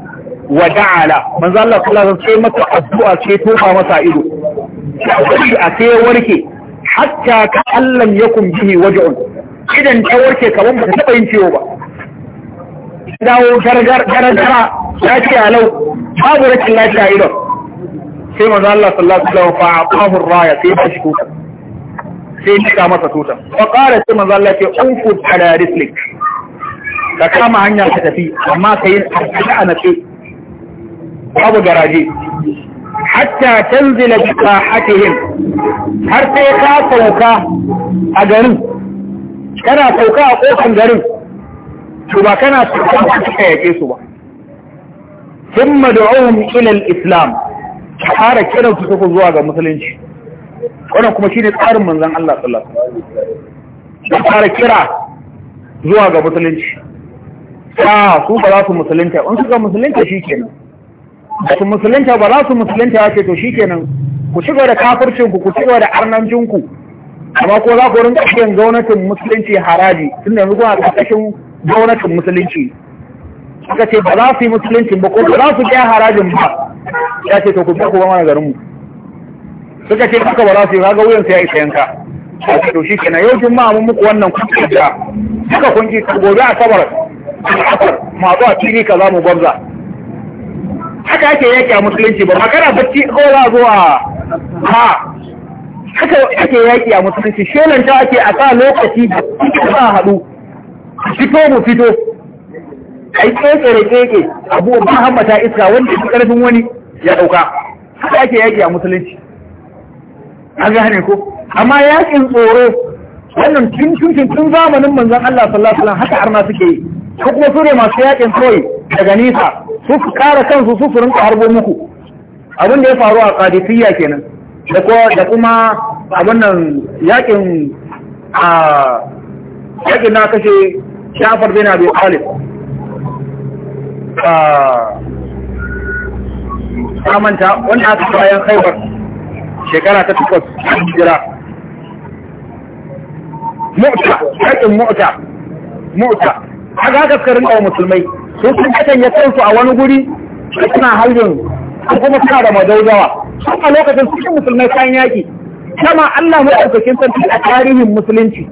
wa da'ala manzo Allah sallallahu alaihi wasallam sai mata addu'a sai tofa masa ido sai a sai warke hatta ka Allah yakun bihi waj'un idan ta warke kamar ba ta taba yin ciwo ba dawo gargara lafiya lau babu rashin lafiya idon sai manzo Allah sallallahu alaihi wasallam fa raya sai ba shi kuka sai nika masa tuta fa qala sai manzo Allah ce unfu ala rislik ka kama hanyar ka tafi amma ka yi ka a ce babu garaje hatta tanzila bi qahatihim har sai ka sauka a garin kana sauka a kofar garin to ba kana cikin suka yaƙe su ba sun mad'uhum ilil islam ka fara kiran su suka zuwa ga musulunci wannan kuma shi ne tsarin manzan Allah sallallahu alaihi wasallam fara kira zuwa ga musulunci a su ba za su musulunta in suka musulunta shikenan ba su musulunta ba za su musulunta ya ce to shi kenan. ku ci gaba da kafircinku ku ci gaba da arnancinku amma ko za ku rinka biyan gwamnatin musulunci haraji tun da yanzu a ƙarƙashin gwamnatin musulunci suka ce ba za su yi musulunci ba ko ba za su gaya harajin ba ya ce to ku biya ku ba mana garinmu suka ce haka ba za su yi kaga wuyan su ya isa yanka a ce to shi kenan yau juma'a mun muku wannan kuɗi da suka ji gobe a sabar masu a fili kaza mu gwamza haka ake yake a musulunci ba magana bacci ko za a zo a ha haka ake yaƙi a musulunci shelanta ake a sa lokaci da ba haɗu fito mu fito a yi tsere tsere abu ba hammata iska wanda ya ƙarfin wani ya ɗauka haka ake yaƙi a musulunci A gane ko amma yaƙin tsoro wannan tun tun tun zamanin manzon Allah sallallahu alaihi wasallam haka arna suke yi ko kuma su ne masu yaƙin kawai daga nisa su kara kansu su su rinka harbo muku abin da ya faru a qadisiyya kenan da kuma abin nan yakin a yakin na kashe shafar zai na biyu alif a manta wani aka bayan haifar shekara ta takwas jira mota yakin mota mota haka haka suka musulmai sun yakan ya kansu a wani guri suna harbin kuma suna da madaujawa sun a lokacin cikin musulmai kayan yaƙi kama Allah mai ɗaukakin san a tarihin musulunci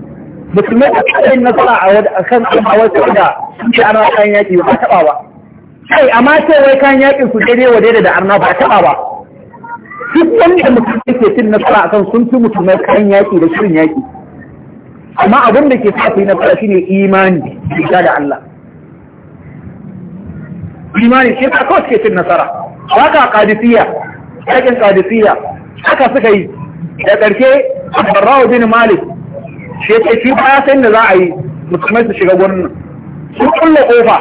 musulmai a cikin nasara a kan al'awar da suke ana kayan yaƙi ba taɓa ba kai amma sai wai kayan yaƙin su daidai wa daidai da arna ba taɓa ba duk wanda musulmai ke cin nasara a kan sun fi musulmai kayan yaƙi da shirin yaƙi amma abin da ke sa su yi nasara shine imani da Allah imani shi ka kawai suke cin nasara ba ka kadisiyya yakin qadisiyya haka suka yi da ƙarshe barrahu bin malik shi ke shi ba ya san da za a yi musulmai su shiga gurin sun kulle ƙofa.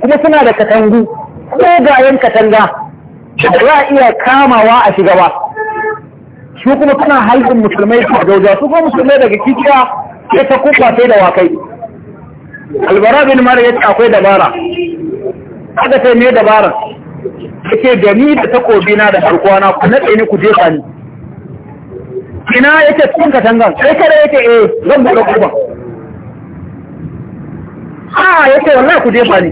kuma suna da katangu ko gayen katanga da za a iya kamawa a shiga ba su kuma suna halin musulmai su gauja su kuma musulmai daga kikiya, sai ta kufa sai da wakai albara bin malik ya ce akwai dabara aka sai ne dabaran yake da ni da takobi na da harkwana ku naɗe ni ku jefa ni ina yake cikin katangan sai kada yake eh zan buɗe ha a ah, yake wallahi ku jefa ni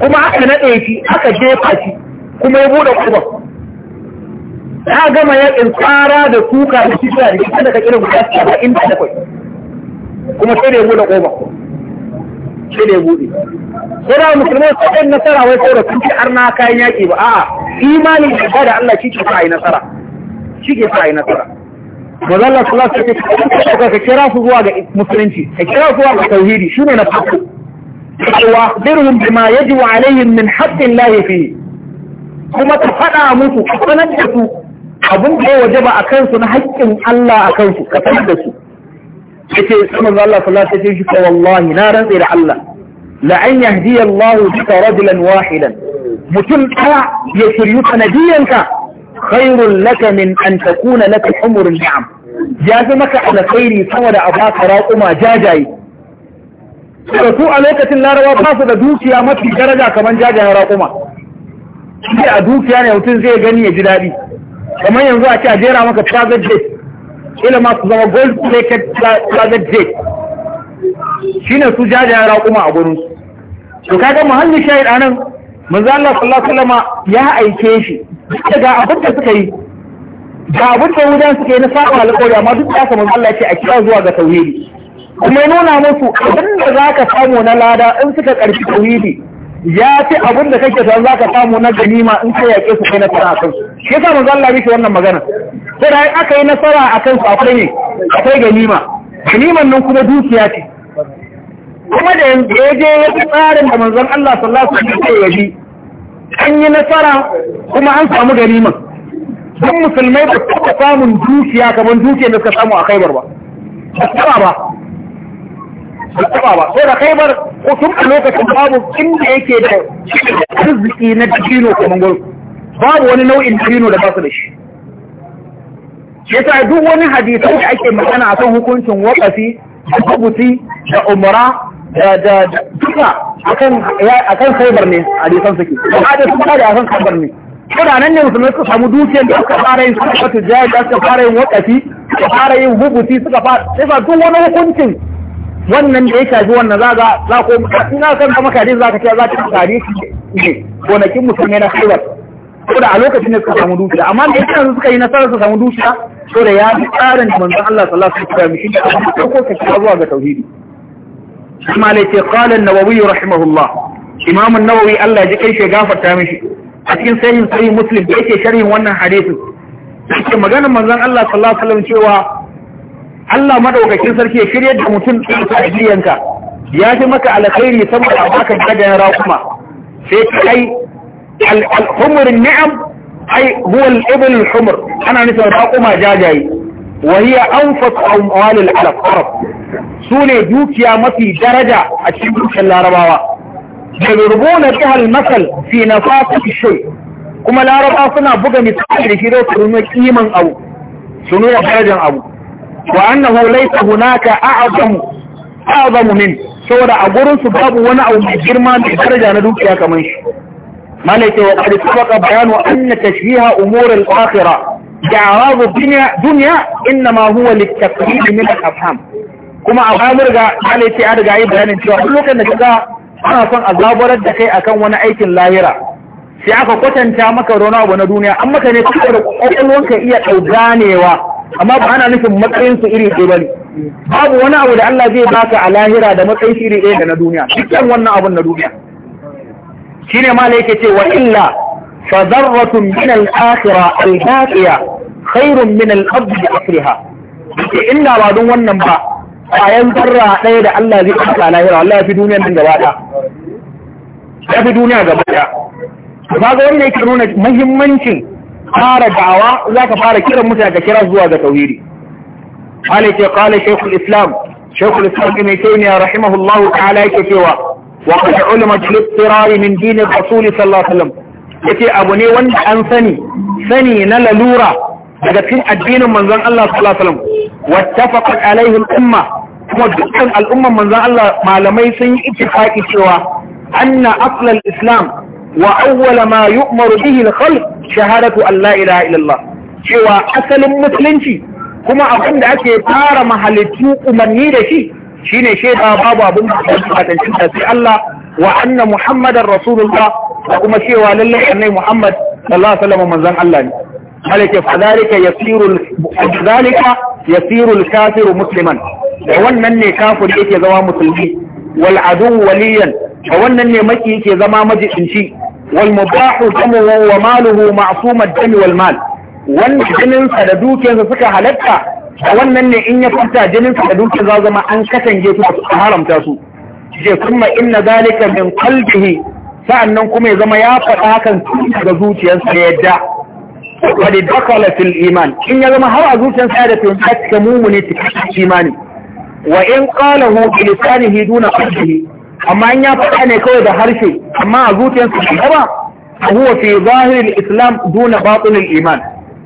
kuma aka naɗe shi aka jefa shi kuma ya buɗe kuma ta gama ya tsara da kuka da shi da shi da kake da guda saba'in da takwai kuma sai da ya buɗe kuma sai da ya buɗe Sura musulmai su ɗan nasara wai saboda kun ci arna kayan yaki ba, a'a imani da ba da Allah shi ke sa a yi nasara. Shi ke sa a yi nasara. Mazalla su lasu ce, ka kira su zuwa ga musulunci, ka kira su zuwa ga tauhidi, shi ne na farko. Wa bima yajibu alaihim min haqqin lahi Kuma ka musu, ka sanar da su abin da ya a kansu na haƙƙin Allah a kansu, ka sanar da su. Allah sallallahu alaihi wallahi na rantse da Allah. la'an yahdiya Allahu bika rajulan wahidan mutum ɗaya ya shiryu sanadiyanka khairul laka min an takuna laka humurun ni'am ya zama ka alkhairi sama a baka raƙuma jajaye da su a lokacin larawa ba su da dukiya mafi daraja kamar jajayen raƙuma shi a dukiya ne mutum zai gani ya ji daɗi kamar yanzu a ce a jera maka private date. ila masu zama gold plated private date. shi su jajayen raƙuma a gurinsu to kaga muhalli shahid anan manzo Allah sallallahu alaihi wasallam ya aike shi daga abin da suka yi ga abin da wudan suka yi na saba alƙawari amma duk da manzo Allah ce a kira zuwa ga tauhidi kuma nuna musu abin da zaka samu na lada in suka karfi tauhidi ya ce abin da kake san zaka samu na ganima in ka yake su kai na fara kan shi yasa manzo Allah yake wannan magana sai da aka yi nasara akan su akwai ne akwai ganima ganiman nan kuma dukiya ce kuma da ya je ya fi tsarin da manzon Allah sallallahu alaihi wasallam ya bi an yi nasara kuma an samu ganima don musulmai ba su taɓa samun dukiya kamar dukiyar da suka samu a Khaibar ba ba taɓa ba ba taɓa ba sai da Khaibar ko tun a lokacin babu inda yake da arziki na dino kamar gwamnati babu wani nau'in dino da ba su da shi yasa duk wani hadisai da ake magana akan hukuncin wakafi da kubuti da umara da duka akan khaibar ne a hadisan suke ba da sun kare akan khaibar ne ko da nan ne musulmai suka samu dukiyar da suka fara yin suka fata jihar da suka fara yin wakafi suka fara yin hubuti suka fara sai sa duk wani hukuncin wannan da ya shafi wannan za ga za ko ina kan kama kare za ka ce za ka kare shi ne gonakin musulmai na khaibar ko da a lokacin ne suka samu dukiya amma da yake yanzu suka yi nasarar su samu dukiya ko da ya bi tsarin manzon Allah sallallahu alaihi wasallam shi da ko ka kira zuwa ga tauhidi kuma ne ce qalan nawawi rahimahullah imam nawawi Allah ji kai shi gafarta mishi a cikin sayin sahih muslim da yake sharhin wannan hadisin yake maganar manzon Allah sallallahu alaihi wasallam cewa Allah madaukakin sarki ya shirye da mutum da jiyanka ya ji maka alkhairi saboda baka daga raƙuma sai kai al-humr ni'am ai huwa al-ibn al-humr ana nufin raƙuma jajaye wahiya anfas amwalil arab arab su ne dukiya mafi daraja a cikin dukiyar larabawa yadrubuna biha al-masal fi nafaqati shay kuma laraba suna buga misali da shi da su kiman abu su nuna darajar abu wa annahu laysa hunaka a'zamu a'zamu min saboda a gurin babu wani abu mai girma mai daraja na dukiya kamar shi malaka wa qad sabaqa bayanu anna tashbiha umur al-akhirah jawabu duniya inna ma huwa littafi min al-afham kuma a bayan murga ala ce a daga yi bayanin cewa duk lokacin da kaga ana son a zaburar da kai akan wani aikin lahira sai aka kwatanta maka rona abu na duniya an maka ne da kwakwalwar ka iya ɗau ganewa amma ba ana nufin matsayin su iri ɗaya bane babu wani abu da Allah zai baka a lahira da matsayin su iri ɗaya da na duniya duk wannan abun na duniya shine ma yake ce wa illa فذرة من الآخرة الهاتية خير من الأرض بأسرها إلا بعد ونن با bayan zarra ɗaya da Allah zai kasa lahira Allah ya fi duniya nan gaba ɗaya ya fi duniya gaba ɗaya ba ga wannan yake nuna muhimmancin fara da'awa za ka fara kiran mutane ka kira zuwa ga tauhidi qala ce qala shaykhul islam shaykhul islam ibn taymiyyah rahimahullahu ta'ala yake cewa wa qad rasul sallallahu alaihi yace abu ne wanda an sani sani na lalura daga cikin addinin manzan Allah sallallahu alaihi wasallam umma kuma dukkan al'umman manzan Allah malamai sun yi ittifaqi cewa anna aslal islam wa awwala ma yu'maru bihi al-khalq shahadatu an la ilaha illallah cewa asalin musulunci kuma abin da ake fara mahalittu umarni da shi shine shaida babu abin da ake sai Allah وأن محمد رسول الله وكما شئوا لله أنه محمد صلى الله عليه وسلم ومنزل الله ملك فذلك يسير ذلك يسير الكافر مسلما وأن أني كافر إيكي زوا مسلمي والعدو وليا وأن أني مكي إيكي زما مجئ إنشي والمباح دمه وماله معصوم الدم والمال وأن جنن سددوك ينسك هلتك وأن أني إن يكنت جنن سددوك زازما أنكتن جيتو حرم تاسوك je kuma inna zalika min qalbihi sa'annan kuma ya zama ya faɗa hakan daga zuciyarsa ya yadda wadda dakala fil iman in ya zama har a zuciyarsa ya da tun ta cika mumuni cikin imani wa in qalahu bi lisanihi duna qalbihi amma in ya faɗa ne kawai da harshe amma a zuciyarsa ba ba huwa fi al islam duna batinil iman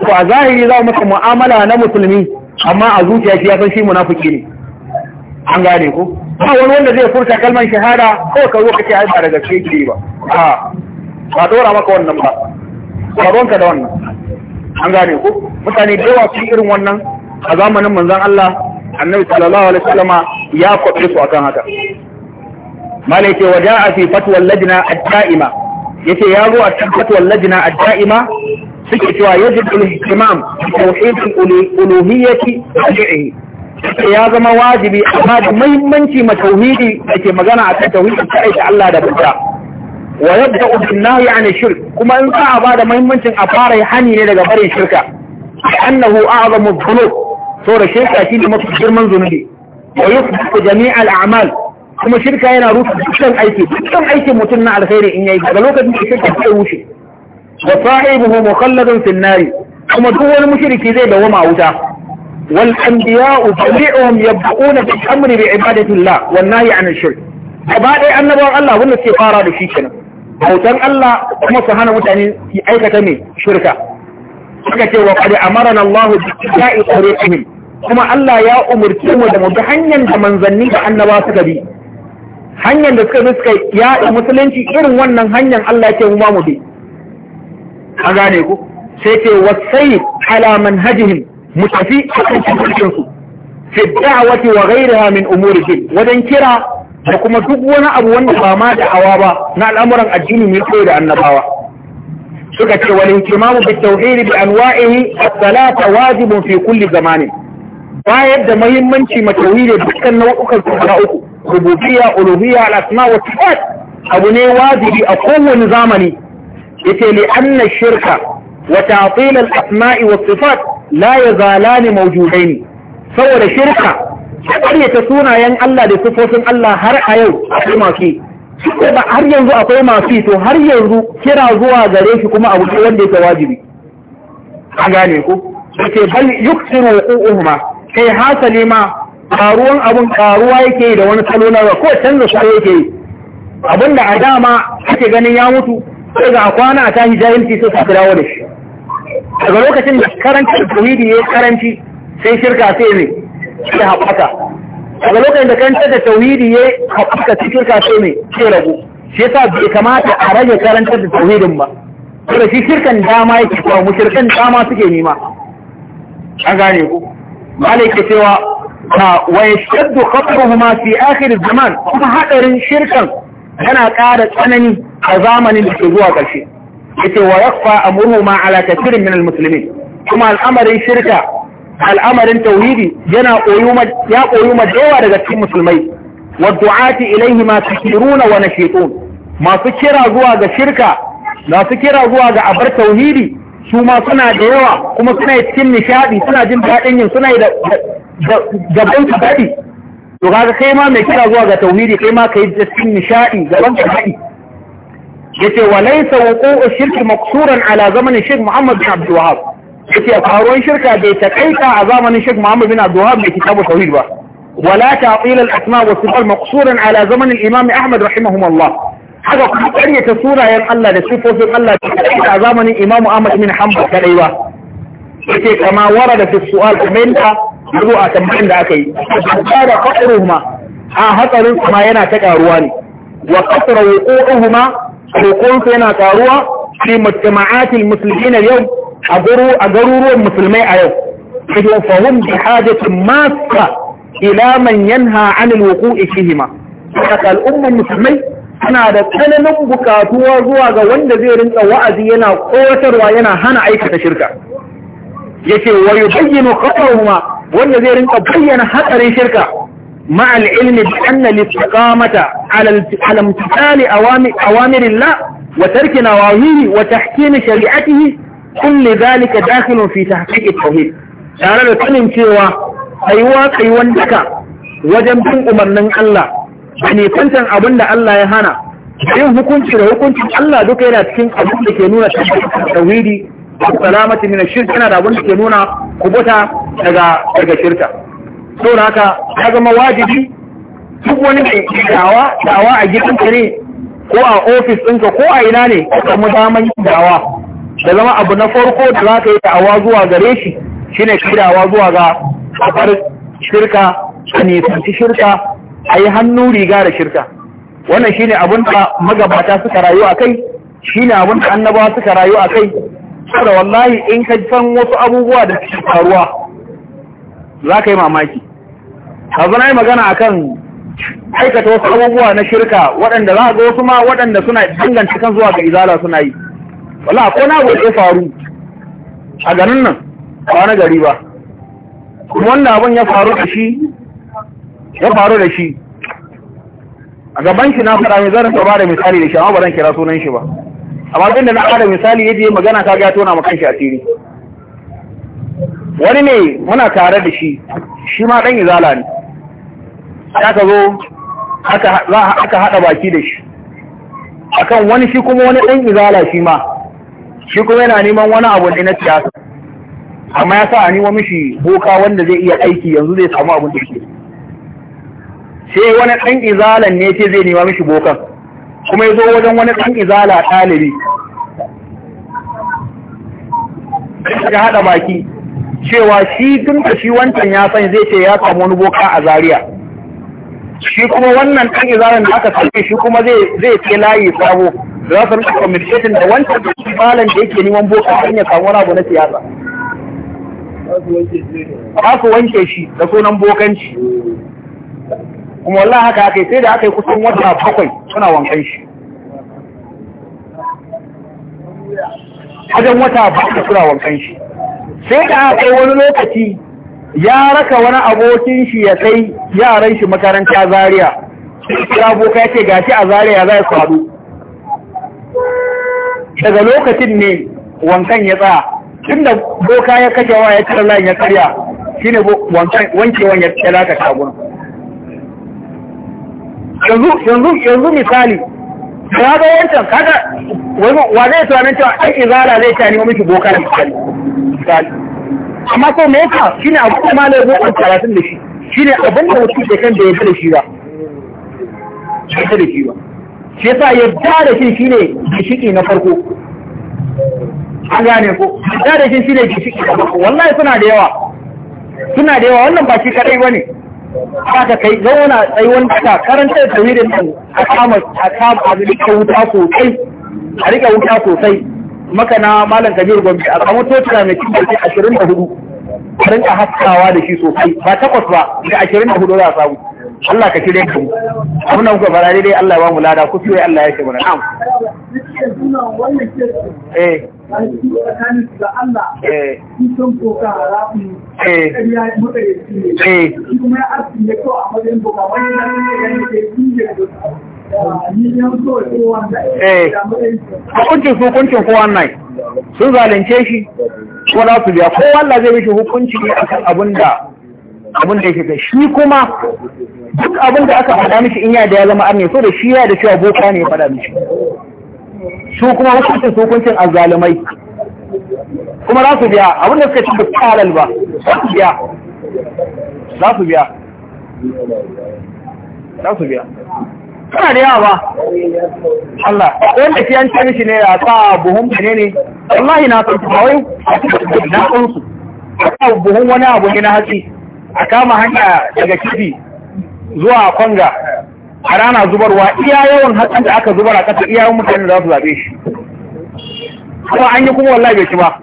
ko a zahiri za mu mu'amala na musulmi amma a zuciya shi ya san shi munafiki ne an gane ko ba wani wanda zai furta kalmar shahada ko ka zo ka ce ba daga cikin ba a ba dora maka wannan ba ba ka da wannan an gane ku mutane da yawa sun irin wannan a zamanin manzon Allah annabi sallallahu alaihi ya kwabe su akan haka malaike wa ja'a fi fatwa lajna ad-da'ima yace ya zo a cikin fatwa lajna ad-da'ima suke cewa yajib al-ihtimam bi tawhid al-uluhiyyah al uluhiyyah ya zama wajibi amma da muhimmanci matauhidi da ke magana a kan tauhidi ta aiki Allah da bauta wa yadda ubin nahi an shirk kuma in za a ba da muhimmancin a fara hani ne daga barin shirka annahu a'zamu dhunub da shirka shine mafi girman zunubi wa yusbitu jami'al a'mal kuma shirka yana rufe dukkan aiki dukkan aiki mutum na alkhairi in yayi daga lokacin da shirka ta wuce wa sahibuhu mukhalladun fil nari kuma duk wani mushriki zai dawo ma wuta والأنبياء جميعهم يبدؤون بالأمر بعبادة الله والنهي عن الشرك عبادة annabawan Allah wanda suke fara da shi kenan bautan Allah kuma su hana mutane su aikata ne shirka suka ce wa qad amarana Allah bi tibai tariqihim kuma Allah ya umurce mu da mu bi hanyar da manzanni da annaba suka bi hanyar da suka bi suka yaɗa musulunci irin wannan hanyar Allah ya ce mu ma mu bi a gane ku sai ce wasai ala manhajihim mu tafi akan cikin su fi da'wati wa ghayriha min umuri din wajen kira da kuma duk wani abu wanda ba ma awa ba na al'amuran addini ne kai da annabawa suka ce wal ihtimamu bit tauhid bi anwa'ihi as-salata wajibun fi kulli zamanin bayar da muhimmanci ma tauhid dukkan nau'ukan guda uku rububiyya uluhiyya al-asma wa sifat abu ne wajibi a kowane zamani yace li anna shirka wa ta'til al-asma'i was sifat la ya zalani maujudai ne saboda shirka har yata sunayen Allah da sufofin Allah har a yau akwai masu ba har yanzu akwai masu to har yanzu kira zuwa gare shi kuma abu ne wanda yake wajibi a gane ku yake bal yuksiru uquhuma kai hasali ma karuwan abun karuwa yake da wani salo na ko canza shi yake yi. abinda a dama ake ganin ya mutu sai ga kwana a yi jahilci sai su dawo da shi daga lokacin da karancin tawhidi ya karanci sai shirka sai ne sai haɓaka daga lokacin da karanci da tawhidi ya haɓaka sai shirka sai ne sai ragu shi yasa bai kamata a rage karantar da tawhidin ba saboda shi shirkan dama yake kuma shirkan dama suke nema an gane ku malai ke cewa wa yashaddu khatruhuma fi akhir zaman kuma hadarin shirkan yana ƙara tsanani a zamanin da ke zuwa ƙarshe yace wa yakfa ma ala kathirin min almuslimin kuma al'amarin shirka al'amarin tauhidi yana koyuma ya koyuma dawa daga cikin musulmai wa du'ati ilayhi ma tukiruna wa nashitun masu kira zuwa ga shirka masu kira zuwa ga abar tauhidi su ma suna da yawa kuma suna cikin nishadi suna jin daɗin yin suna da gaban ka daɗi to kaga kai ma mai kira zuwa ga tauhidi kai ma kai cikin nishadi gaban ka daɗi yace wa laysa shirki maqsuran ala zamanin Sheikh Muhammad bin Abdul Wahhab yace faruwar shirka bai takaita a zamanin Sheikh Muhammad bin Abdul Wahhab da kitabu tauhid ba wala ta'til al-asma wa sifat maqsuran ala zamanin Imam Ahmad rahimahumullah haka kuma karyata surayen Allah da sifofin Allah da takaita a zamanin Imam Ahmad bin Hanbal kadai ba yace kama warada fi su'al kamenta yazo a tambayin da aka yi kada fa'ruhuma a hatsarin kuma yana ta karuwa ne wa kasra wuqu'uhuma kokonsa yana karuwa fi mutuma'atil musulmina yau a garuruwan musulmai a yau cikin fahim da hajjacin masa ila man yanha anil wuku ishihima daga al'umman musulmai suna da tsananin bukatuwa zuwa ga wanda zai rinka wa'azi yana kowatarwa yana hana aikata shirka yace wayo bayyana khataruma wanda zai rinka bayyana hatsarin shirka مع العلم بأن الاستقامة على على امتثال أوامر الله وترك نواهيه وتحكيم شريعته كل ذلك داخل في تحقيق التوحيد تعالى لكلم cewa aiwa kaiwan daka wajen bin umarnin Allah ne kantan abin da Allah ya hana yin hukunci da hukuncin Allah duka yana cikin abin ke nuna tauhidi da salamati min shirk yana da ke nuna kubuta daga daga saboda haka ya zama wajibi duk wani mai dawa dawa a gidanka ne ko a ofis ɗinka ko a ina ne ka samu daman yin dawa da zama abu na farko da za ka yi da'awa zuwa gare shi shine kirawa zuwa ga kafar shirka a nisanci shirka a yi hannu riga da shirka wannan shine abin da magabata suka rayu a kai shine abin da annabawa suka rayu a kai saboda wallahi in ka san wasu abubuwa da suke faruwa za ka yi mamaki abu na yi magana akan aikata wasu abubuwa na shirka waɗanda za a ga wasu ma waɗanda suna danganta kan zuwa ga izala suna yi wala ko na abu ya faru a ganin nan ba na gari ba kuma wanda abin ya faru da shi ya faru da shi a gaban shi na faɗa mai zarin ba da misali da shi amma ba zan kira sunan shi ba amma da na faɗa misali ya je magana ka ga tona ma a asiri wani ne muna tare da shi shi ma ɗan izala ne Ya ka zo aka haɗa baki da shi akan wani shi kuma wani ɗan izala shi ma shi kuma yana neman wani abu ne na siyasa amma ya sa a nima mishi boka wanda zai iya aiki yanzu zai samu abin da ke sai wani ɗan izalan ne ce zai nima mishi bokan kuma ya zo wajen wani ɗan izala ɗalibi ya haɗa baki cewa shi tun da shi wancan ya san zai ce ya samu wani boka a Zariya. shi kuma wannan kan izarin da aka sake shi kuma zai ce layi sabo za su rika communication da wancan da shi malam da yake neman boka an ya samu wani abu na siyasa ba su wanke shi da sunan bokanci kuma wallah haka aka sai da aka yi kusan wata bakwai suna wankan shi wajen wata bakwai suna wankan shi sai da aka wani lokaci ya raka wani abokin shi ya kai yaran shi makaranta Zariya. ya aboka ya ce gashi a Zariya za su haɗu daga lokacin ne wankan ya tsaya tun da boka ya kashe wa ya cire layin ya karya shine wankewan ya tsaya ka shaguna yanzu misali ya ga wancan kaga wa zai tunanin cewa ɗan izala zai ta nemo miki boka da misali misali amma ko me yasa shine abu kuma ne ko an karatun da shi shine abin da mutum da kan da ya da shi ba ya da shi ba shi yasa yadda da shi shine gishiki na farko an gane ko yadda da shi shine gishiki na farko wallahi suna da yawa suna da yawa wannan ba shi kadai bane haka kai zauna tsayi wanda ka karanta da tawhidin nan a kama a kama a rika wuta sosai a rika wuta sosai maka na malam kabir gombe a samu totuna mai cin gaske ashirin da hudu a rinka haskawa da shi sosai ba takwas ba da ashirin da hudu za a samu Allah ka shirya ka mu muka fara dai Allah ya ba mu lada ku sai Allah ya ce mana na'am eh eh, eh. eh. eh hukuncin su hukuncin kowa nai sun zalunce shi ko za su biya kowa Allah zai bishi hukunci ne akan abin da abin da ya shiga. shi kuma duk abin da aka faɗa mishi in yada ya zama ne, so da shi ya da cewa boka ne ya faɗa mishi su kuma hukuncin su hukuncin azalimai? kuma za su biya abin da suka ci da halal ba za su biya za su biya za su biya kana da yawa Allah wanda shi fiye ce shi ne ya sa buhun bane ne wallahi na ba wai na san su a buhun wani abu ne na hatsi a kama hanya daga kifi zuwa kwanga a rana zubarwa iya yawan hatsin da aka zubar a ƙasa iya yawan mutane za su zaɓe shi kuma an yi kuma wallahi bai ci ba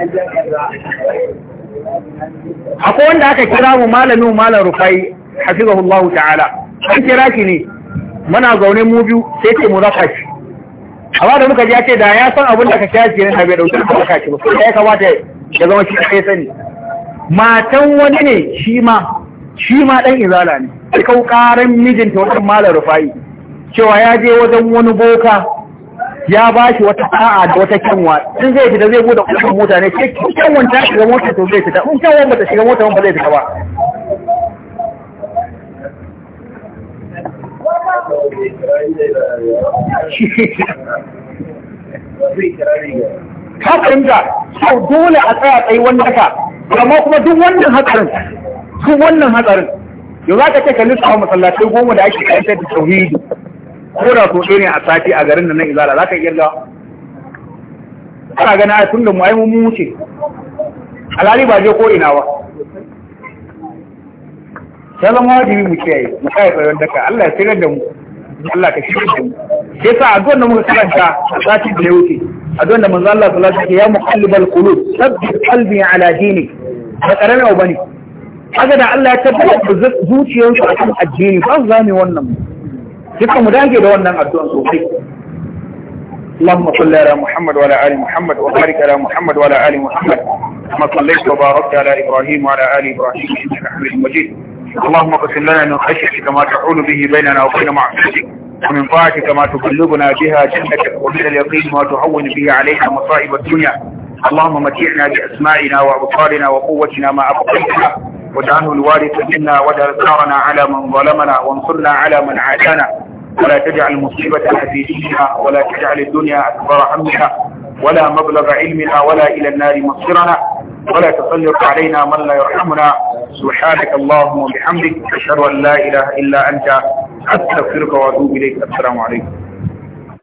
Thank you. akwai wanda aka kira mu malamin malam rufai hafizahullahu ta'ala an kira shi ne muna zaune mu biyu sai ce mu raka shi amma da muka ji ya ce da ya san abin da ka kira shi ne bai dauki ka raka shi ba sai ya kamata ya zama shi kai sani matan wani ne shi ma shi ma dan izala ne sai kau karan mijinta wajen malam rufai cewa ya je wajen wani boka ya ba shi wata sa'a da wata kyanwa in zai fita zai bude kusan mota ne ke kyanwan ta shiga mota to zai fita in kyanwan ba ta shiga mota ba zai fita ba hakarin da sau dole a tsaya tsaye wani haka amma kuma duk wannan hatsarin su wannan hatsarin yau za ka ce ka lissawa masallatai goma da ake kayantar da tauhidi ko da so ne a sati a garin da nan izala za ka yi yarda ana gani a tun da mu aimu mu wuce alhali ba je ko ina ba Ta zama wajibi mu kiyaye mu kai tsayon daka Allah ya tsira da mu Allah ka shirya da mu sai sa addu'ar da muka karanta a sati da ya wuce addu'ar da manzo Allah sallallahu alaihi wasallam ya muqallibal qulub sabbit qalbi ala dinik ba karana bane kaga da Allah ya tabbata zuciyarsu akan addini ba za mu wannan mu duka mu dage da wannan addu'a sosai اللهم صل على محمد وعلى ال محمد وبارك على محمد وعلى ال محمد كما صليت وباركت على ابراهيم وعلى ال ابراهيم انك حميد مجيد اللهم اقسم لنا من خشيتك ما تحول به بيننا وبين معصيتك ومن طاعتك ما تبلغنا بها جنتك ومن اليقين ما تهون به علينا مصائب الدنيا اللهم متعنا باسمائنا وابصارنا وقوتنا ما ابقيتنا واجعله الوارث منا واجعل ثارنا على من ظلمنا وانصرنا على من عادانا ولا تجعل مصيبتنا في ديننا ولا تجعل الدنيا أكبر همنا ولا مبلغ علمنا ولا إلى النار مصيرنا ولا تسلط علينا من لا يرحمنا سبحانك اللهم وبحمدك أشهد أن لا إله إلا أنت أستغفرك وأتوب إليك السلام عليكم